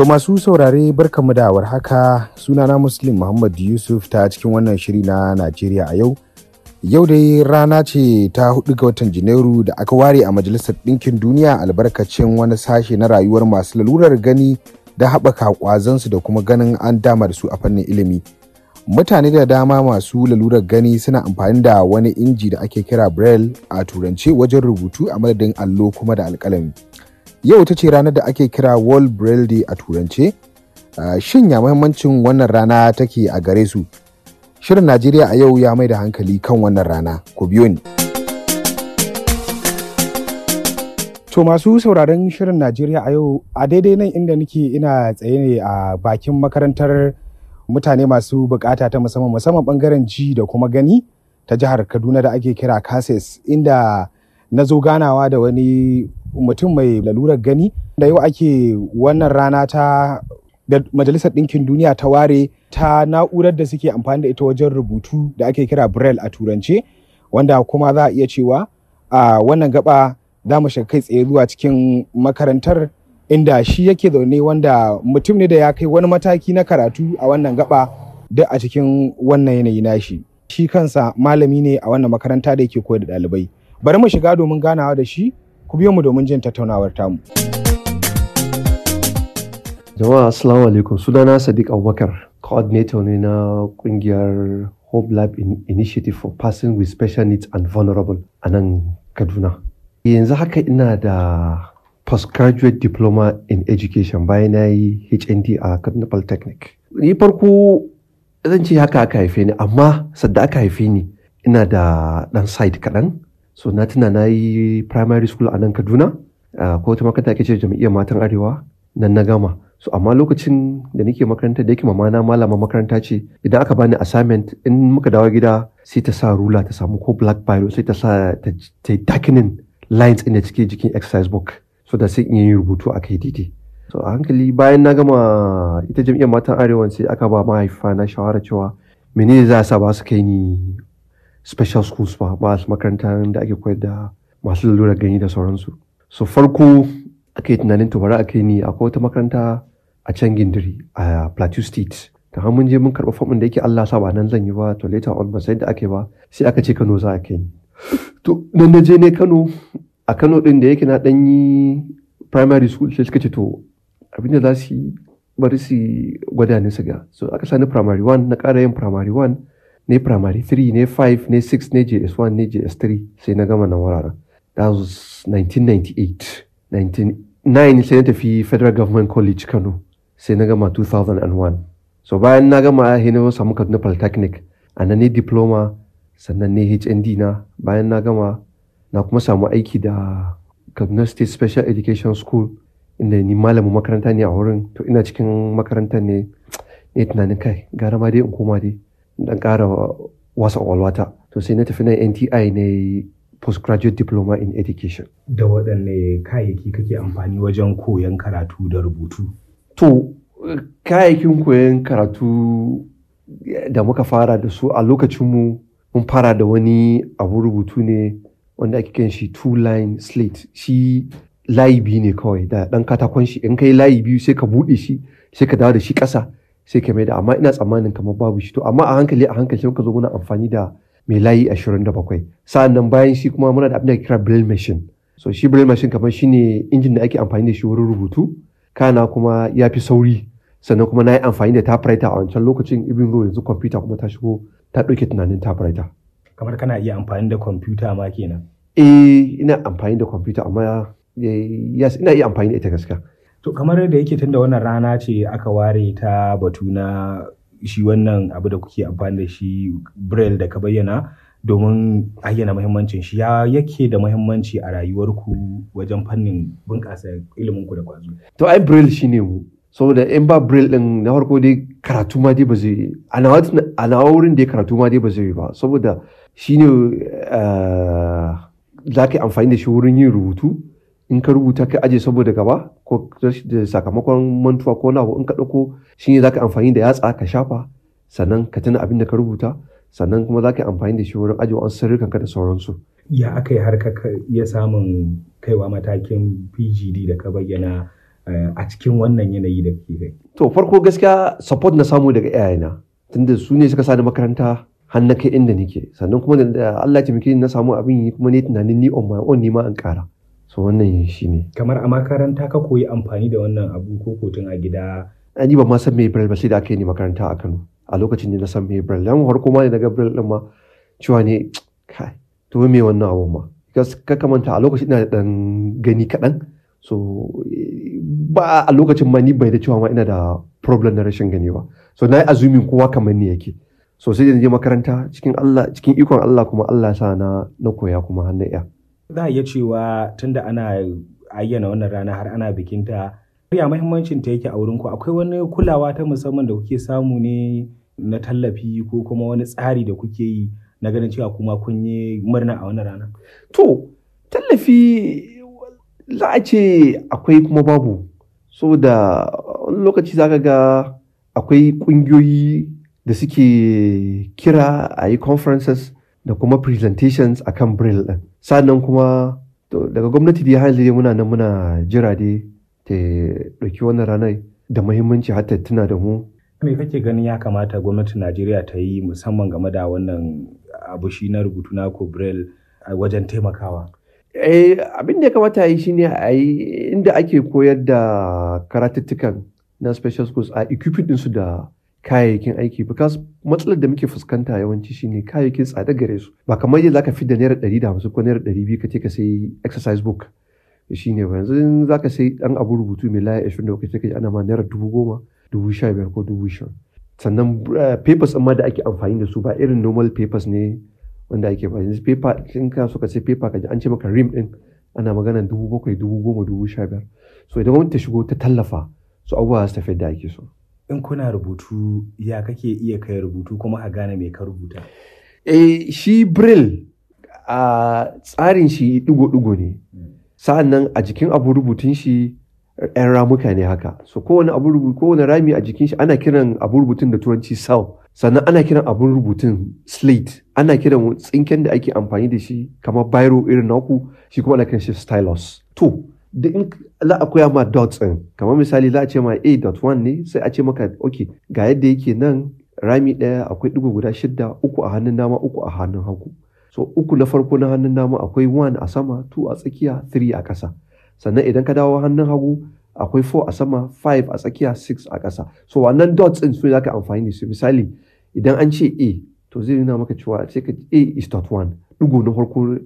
To masu saurare barkamu da haka sunana Muslim Muhammad Yusuf ta cikin wannan shiri na Najeriya a yau. Yau dai rana ce ta hudu ga watan Janairu da aka ware a Majalisar Ɗinkin Duniya albarkacin wani sashe na rayuwar masu lalurar gani da haɓaka ƙwazansu da kuma ganin an dama da su a fannin ilimi. Mutane da dama masu lalurar gani suna amfani da wani inji da ake kira Braille a turance wajen rubutu a madadin allo kuma da alƙalami. yau ta ce ranar da ake kira world braille day a turance ah, shin ya mahimmancin wannan rana take a gare su shirin najeriya a yau ya mai da hankali kan wannan rana ku biyo ni To masu sauraron shirin Najeriya a yau a daidai nan inda nake ina tsaye ne a bakin makarantar mutane masu bukata ta musamman musamman bangaren ji da kuma gani ta jihar Kaduna da ake kira Kases inda na zo ganawa da wani mutum mai lalurar gani da yau ake wannan rana ta da majalisar ɗinkin duniya ta ware ta na'urar da suke amfani da ita wajen rubutu da ake kira braille a turance wanda kuma za a iya cewa a wannan gaba za mu shiga kai tsaye zuwa cikin makarantar inda shi yake zaune wanda mutum ne da ya kai wani mataki na karatu a wannan gaba duk a cikin wannan yanayi nashi shi kansa malami ne a wannan makaranta da yake koyar da ɗalibai bari mu shiga domin ganawa da shi ku biyo mu domin jin tattaunawar tamu. Jama'a Asalamu alaikum sunana Sadiq Abubakar, coordinator ne na kungiyar Hope Lab Initiative for Passing with Special Needs and Vulnerable a nan Kaduna. Yanzu haka ina da postgraduate diploma in education bayan na yi HND a Kaduna Polytechnic. Ni farko zan ce haka aka haife ni amma sadda aka haife ni ina da ɗan side kaɗan so na tuna na yi primary school a nan kaduna ah, ko wata makaranta ake ce jami'iyyar matan arewa nan na gama so amma lokacin da nake makaranta da yake mama na malama makaranta ce idan aka bani assignment in muka dawo gida sai ta sa rula ta samu ko black biro sai ta sa ta darkening lines in cike jikin exercise book so da sai in yi rubutu a kai daidai so a hankali bayan na gama ita jami'iyyar matan arewa sai aka ba mahaifa na shawara cewa menene za a sa ba su kai ni special schools ba ba makaranta da ake koyar da masu lalurar gani da sauransu so farko ake tunanin tubara a kai ni akwai wata makaranta a can gindiri a plateau state ta mun je mun karɓa famin da yake Allah sa ba nan zan yi ba to later on ban sai da ake ba sai aka ce Kano za a kai ni to nan na je ne Kano a Kano din da yake na dan yi primary school sai suka ce to Abinda za su yi bari su gwada ni su ga so aka sani primary one. na ƙara yin primary one. ne primary 3 ne 5 ne 6 ne js1 ne js3 sai na gama nan wuraren that was 1998 1999 sai na tafi federal government college kano sai na gama 2001 so bayan na gama sai samu kaduna polytechnic a nan ne diploma sannan ne hnd na bayan na gama na kuma samu aiki da kaduna state special education school inda ni malamin makaranta ne a wurin to ina cikin makaranta ne ne tunanin kai gara ma dai in koma dai dan ƙara wasa ƙwalwata to sai na tafi na NTI ne postgraduate diploma in education da waɗanne kayayyaki kake amfani wajen koyon karatu da rubutu to kayayyakin koyon karatu da muka fara da su a lokacinmu mun fara da wani abu rubutu ne wanda ake kan shi two line slate shi layi biyu ne kawai da ɗan katakon shi in kai layi biyu sai ka buɗe shi sai ka dawo da shi ƙasa sai ka mai da amma ina tsammanin kamar babu shi to amma a hankali a hankali muka zo muna amfani da mai layi 27 sa'an nan bayan shi kuma muna da abin da kira braille machine so shi braille machine kamar ne injin da ake amfani da shi wurin rubutu kana kuma ya fi sauri sannan kuma na yi amfani da typewriter a wancan lokacin ibin zo yanzu kwamfuta kuma ta shigo ta ɗauke tunanin typewriter kamar kana iya amfani da kwamfuta ma kenan eh ina amfani da kwamfuta amma ya ina iya amfani da ita gaskiya To kamar da yake tunda wannan rana ce aka ware ta batu na shi wannan abu da kuke amfani da shi braille da ka bayyana domin ayyana muhimmancin shi ya yake da mahimmanci a rayuwarku wajen fannin bunƙasa iliminku da kwazo. To ai braille shine mu. saboda in ba braille din na farko dai karatu ma dai ba zai yi a na wurin da karatu ma dai ba zai yi ba saboda shine eh, za ka amfani da shi wurin yin rubutu in ka rubuta ka aje saboda gaba ko da sakamakon mantuwa ko na in ka ɗauko shi ne za ka amfani da yatsa ka shafa sannan ka tuna abin da ka rubuta sannan kuma za ka amfani da shi wurin aje wa sirrikan ka da sauransu. Ya aka yi har ka samun kaiwa matakin PGD da ka bayyana eh, a cikin wannan yanayi da ke kai. To farko gaskiya support na samu daga iyayena tunda su ne suka sani makaranta har na kai inda nake sannan kuma da Allah ya taimake ni na samu abin yi kuma ne tunanin ni on my own ni ma an kara. so wannan shi ne kamar a makaranta ka koyi amfani da wannan abu ko kotun a gida an eh, yi ba ma san me ba sai da aka yi ne makaranta a Kano a lokacin ne na san me bral dan farko kuma ne daga bral din ma cewa ne kai to me wannan abu ma ka kamanta a lokacin ina da dan gani kaɗan so ba a lokacin ma ni bai da cewa ma ina da problem na rashin gani ba so na yi azumin kowa kamar ni yake so sai da je makaranta cikin Allah ikon Allah kuma Allah sa na na koya kuma har na iya za a iya cewa tunda ana ayyana wannan rana har ana bikinta ya mahimmancin ta yake a wurin ku akwai wani kulawa ta musamman da kuke samu ne na tallafi ko kuma wani tsari da kuke yi na ganin cewa kuma kun yi murna a wannan rana to tallafi za a ce akwai kuma babu saboda wani lokaci za ka ga akwai ƙungiyoyi da suke kira a yi conferences da kuma presentations kan Braille ɗin. Sannan kuma daga gwamnati dai har dai muna nan muna jira dai ta ɗauki wannan ranar da muhimmanci har ta tuna da mu. Me kake ganin ya kamata gwamnati Najeriya ta yi musamman game da wannan abu shi na rubutu na ko Braille wajen taimakawa? Eh, abin da ya kamata yi shine a yi inda ake koyar da karatuttukan na special schools a equipment ɗinsu da kayayyakin aiki because matsalar da muke fuskanta yawanci shine kayayyakin tsada gare su ba kamar yadda zaka da naira ɗari da hamsin ko naira ɗari biyu ka ce ka sai exercise book shine ba yanzu in zaka sai ɗan abu rubutu mai laye ashirin da kai ka ji ana ma naira dubu goma dubu sha biyar ko dubu sha sannan eh, papers ma da ake amfani da su ba irin normal papers ne wanda ake ba yanzu paper in ka so ka sai paper ji an ce maka rim din ana magana dubu bakwai dubu goma dubu sha biyar so idan gwamnati ta shigo ta tallafa su abubuwa su tafi da ake so. in kuna rubutu ya kake iya kai rubutu kuma ka gane mai ka rubuta? Eh shi Braille a tsarin shi ɗigo-ɗigo ne. Sa'an nan a jikin abu rubutun shi 'yan ramuka ne haka. So kowane abu rubutu kowane rami a jikin shi ana kiran abu rubutun da turanci saw. Sannan ana kiran abun rubutun slate. Ana kiran tsinken da ake amfani da shi kamar biro irin naku shi kuma ana kiran shi stylus. To duk in a koya ma dots ɗin kamar misali za a ce ma one ne sai a ce maka ok ga yadda yake nan rami ɗaya akwai ɗigo guda shidda uku a hannun dama uku a hannun hagu so uku na farko na hannun dama akwai one a sama two a tsakiya three a ƙasa sannan idan ka dawo hannun hagu akwai four a sama five a tsakiya six a ƙasa so wannan dots ɗin su za ka amfani da su misali idan an ce a to zai nuna maka cewa sai ka a is dot one ɗigo na farko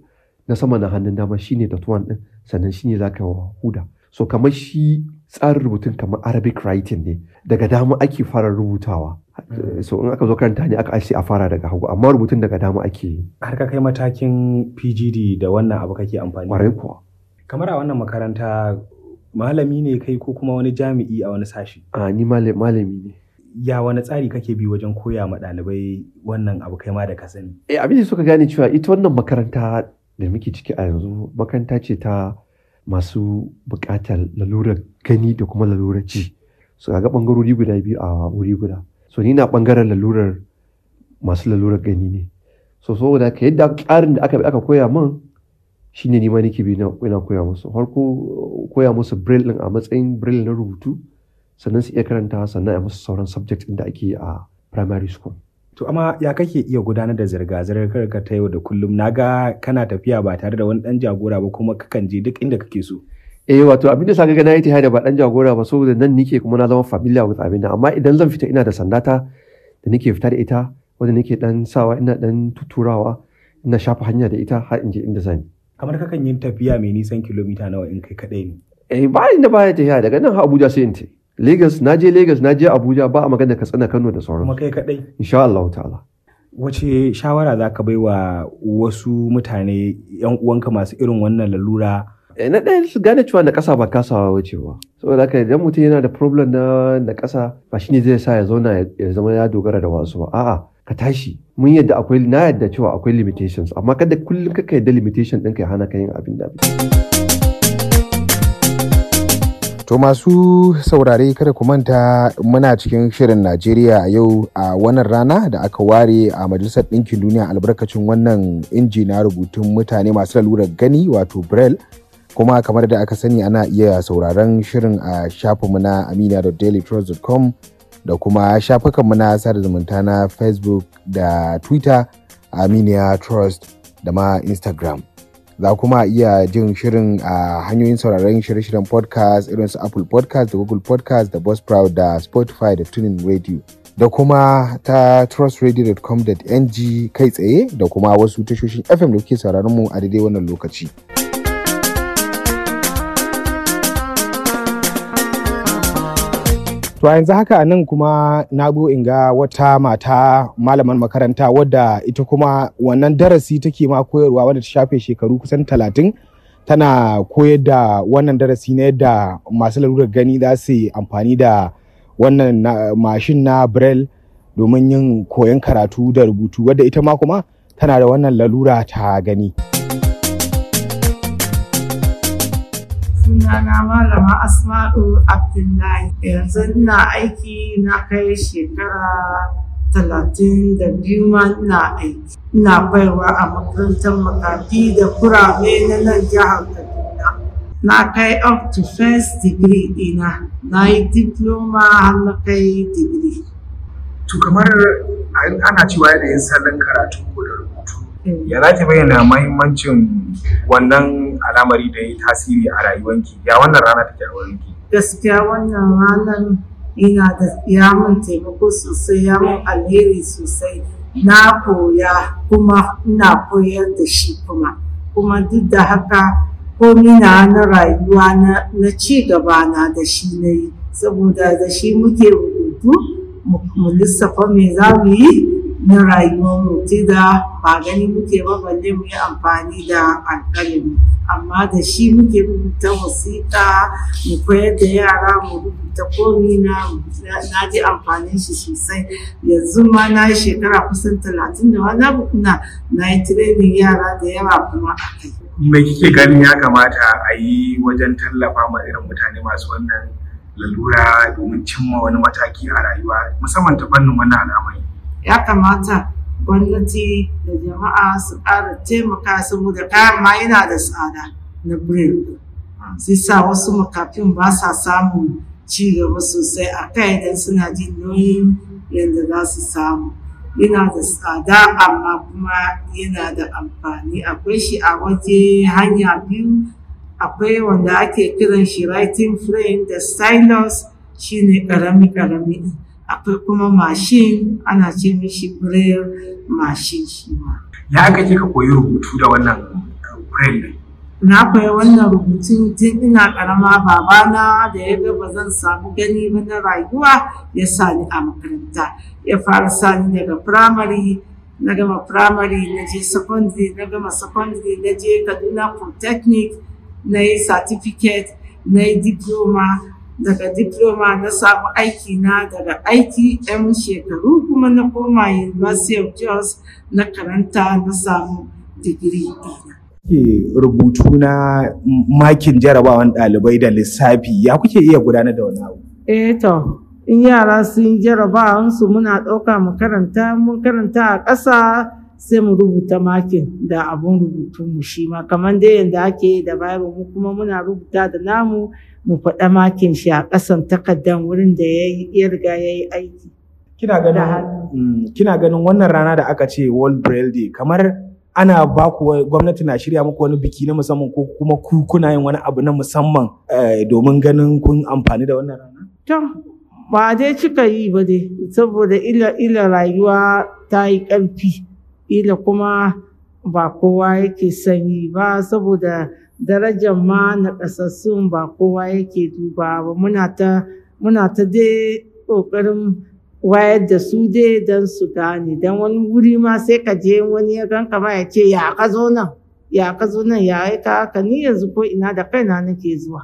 na sama na hannun dama shine dot one din sannan shine zaka wa huda so kamar shi tsarin rubutun kamar arabic writing ne daga dama ake fara rubutawa mm. so in aka zo karanta ne aka ashe a fara daga hagu amma rubutun daga dama ake yi har ka kai matakin PGD da wannan abu kake amfani kwarai kuwa kamar a wannan makaranta malami ne kai ko kuma wani jami'i a wani sashi a ni malami ne ya wani tsari kake bi wajen koya ma ɗalibai wannan abu kai ma da ka sani eh abin da suka gane cewa ita wannan makaranta da muke ciki a yanzu makaranta ce ta masu buƙatar lalurar gani da kuma lalurar ji so ga ɓangarori guda biyu a wuri guda so ni na ɓangaren lalurar masu lalurar gani ne so so da ka yadda ƙarin da aka bi aka koya min shine ni ma nake bi na koya musu harko koya musu braille din a matsayin braille na rubutu sannan su iya karanta sannan a musu sauran subject din da ake a primary school To amma ya kake iya gudanar da zirga-zirgar ka ta yau da kullum na ga kana tafiya ba tare da wani ɗan jagora ba kuma kakan je duk inda kake so. Eh wato abin da saka ga na yi tafiya da ba ɗan jagora ba saboda nan nike kuma na zama familia with abin amma idan zan fita ina da sandata da nake fita da ita wanda nake dan sawa ina dan tuturawa ina shafa hanya da ita har in je inda zan. Kamar kakan yin tafiya mai nisan kilomita nawa in kai kaɗai ne. Eh ba inda baya tafiya daga nan har Abuja sai in tafi. Lagos na je Lagos na je Abuja ba a magana ka tsana Kano da sauran. Kuma kai kadai. Insha Allah ta'ala. Wace shawara za ka bai wasu mutane yan uwanka masu irin wannan lalura? Eh, na ɗaya su gane cewa na ƙasa ba kasawa wace ba. Saboda haka idan mutum yana da problem na na ƙasa ba shi ne zai sa ya zauna ya zama ya dogara da wasu ba. A'a ka tashi mun yadda akwai na yadda cewa akwai limitations amma kada kullum kaka yadda limitation ɗinka ya hana ka yin abin da. To masu saurare kada ku manta muna cikin shirin Najeriya a yau a wannan rana da aka ware a Majalisar Ɗinkin Duniya albarkacin wannan inji na rubutun mutane masu lalurar gani wato Braille kuma kamar da aka sani ana iya sauraron shirin a shafinmu na amina.dailytrust.com da kuma shafukanmu na sada zumunta na Facebook da Twitter (Aminia Trust da ma Instagram. za kuma iya jin shirin a hanyoyin sauraron shirye-shiryen podcast irin su apple podcast da google podcast da buzzsprout da spotify da tuning radio da kuma ta trustradio.com.ng kai tsaye da kuma wasu tashoshin fm da kuke sauraron mu a daidai wannan lokaci. to yanzu haka nan kuma na go in ga wata mata malaman makaranta wadda ita kuma wannan darasi take ma koyarwa wadda ta shafe shekaru kusan talatin tana koyar da wannan darasi na yadda masu lalurar gani za su yi amfani da wannan mashin na braille domin yin koyon karatu da rubutu wadda ita ma kuma tana da wannan lalura ta gani. sunana malama asma'u abdullahi yanzu na aiki na kai shekara talatin da biyu ma ina aiki ina baiwa a makarantar makafi da kurame na nan jihar kaduna na kai up to first degree ina. na yi diploma har na kai degree to kamar ana cewa yanayin salon karatu ko da rubutu eh. ya za ta bayyana mahimmancin wannan al'amari da ya tasiri a rayuwanki ya wannan rana take a wurinki gaskiya wannan ranar ina da ya mun taimako sosai ya mun alheri sosai na koya kuma ina koyar da shi kuma kuma duk da haka komi na na rayuwa na ci gaba na da shi na yi saboda da shi muke rubutu mu lissafa me za mu yi na rayuwarmu da ba gani muke ba balle mu yi amfani da alƙalami amma da shi muke rubuta wasiƙa mu koyar da yara mu rubuta komi na na ji amfanin shi sosai yanzu ma na yi shekara kusan talatin da wani abubuwa na yi tirenin yara da yawa kuma a kai. me kike ganin ya kamata a yi wajen tallafa ma irin mutane masu wannan lalura domin cimma wani mataki a rayuwa musamman ta fannin wannan al'amari. ya kamata gwamnati da jama'a su ƙara taimaka saboda kayan ma yana da tsada na break sai sa wasu makafin ba sa samun ci gaba sosai a kai idan suna jin nauyin yadda za su samu yana da tsada amma kuma yana da amfani akwai shi a waje hanya biyu akwai wanda ake kiran shi writing frame da stylus shine karami karami akwai kuma mashin ana ce mishi braille mashin shi ma ya aka ka koyi rubutu da wannan braille na koyi wannan rubutun tun ina karama babana da ya ga ba zan samu gani ba na rayuwa ya sa ni a makaranta ya fara sa ni daga firamare na gama firamare na je secondary na gama secondary na je kaduna polytechnic na yi certificate na yi diploma daga diploma na samu aiki na daga aiki 'yan shekaru kuma na koma University of Jos na karanta na samu digiri Ke rubutu na makin jarabawan ɗalibai da lissafi ya kuke iya gudanar da wani abu? Eh to, in yara sun su muna ɗauka mu karanta, mun karanta a ƙasa sai mu rubuta makin da abun rubutu mu shi ma kamar dai yadda ake da Bible mu kuma muna rubuta da namu mu faɗa makin shi a ƙasan takardar wurin da ya riga ya yi aiki. Mm, kina ganin wannan rana da aka ce World Braille Day kamar ana ba ku gwamnati na shirya muku wani biki na musamman ko kuma ku kuna yin wani abu na musamman eh, domin ganin kun amfani da wannan rana? To, ba dai cika yi ba dai saboda ila ila rayuwa ta yi ƙarfi ila kuma ba kowa yake sanyi ba saboda darajar ma na ƙasassun ba kowa yake duba ba muna ta muna dai ƙoƙarin wayar da su dai don su gane don wani wuri ma sai ka je wani ya gan kama ya ce ya ka zo nan ya ka zo nan ya aika ka ni yanzu ko ina da kaina nake zuwa.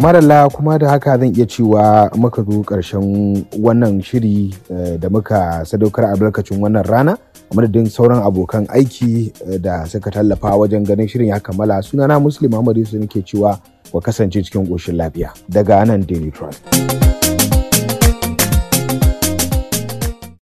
su kuma da haka zan iya cewa muka zo ƙarshen wannan shiri eh, da muka sadaukar albarkacin wannan rana madadin sauran abokan aiki eh, da suka tallafa wajen ganin shirin ya kammala sunana muslim Muhammadu su nake cewa ku kasance cikin ƙoshin lafiya daga nan daily trust